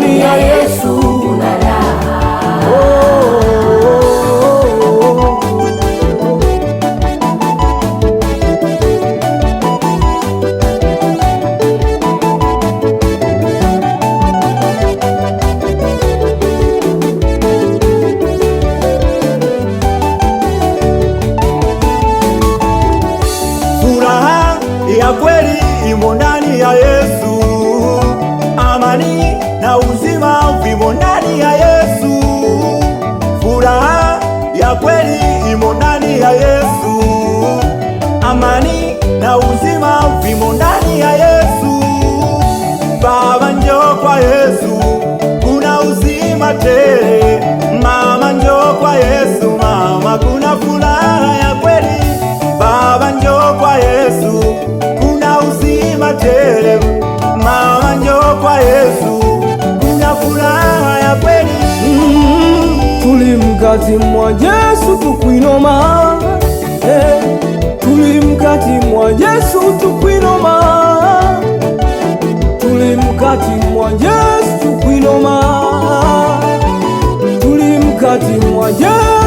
ndani ya Yesu kuna raha. Oh, oh, oh, oh. Furaha ya kweli imo ndani ya Yesu, amani na uzima vimo ndani ya Yesu. Furaha ya kweli imo ndani ya Yesu. Amani na uzima vimo ndani ya Yesu. Baba, njoo kwa Yesu, kuna uzima tele mwa Yesu tukwinoma eh, tuli mkati mwa Yesu tukwinoma tuli mkati mwa Yesu tukwinoma tuli mkati mwa Yesu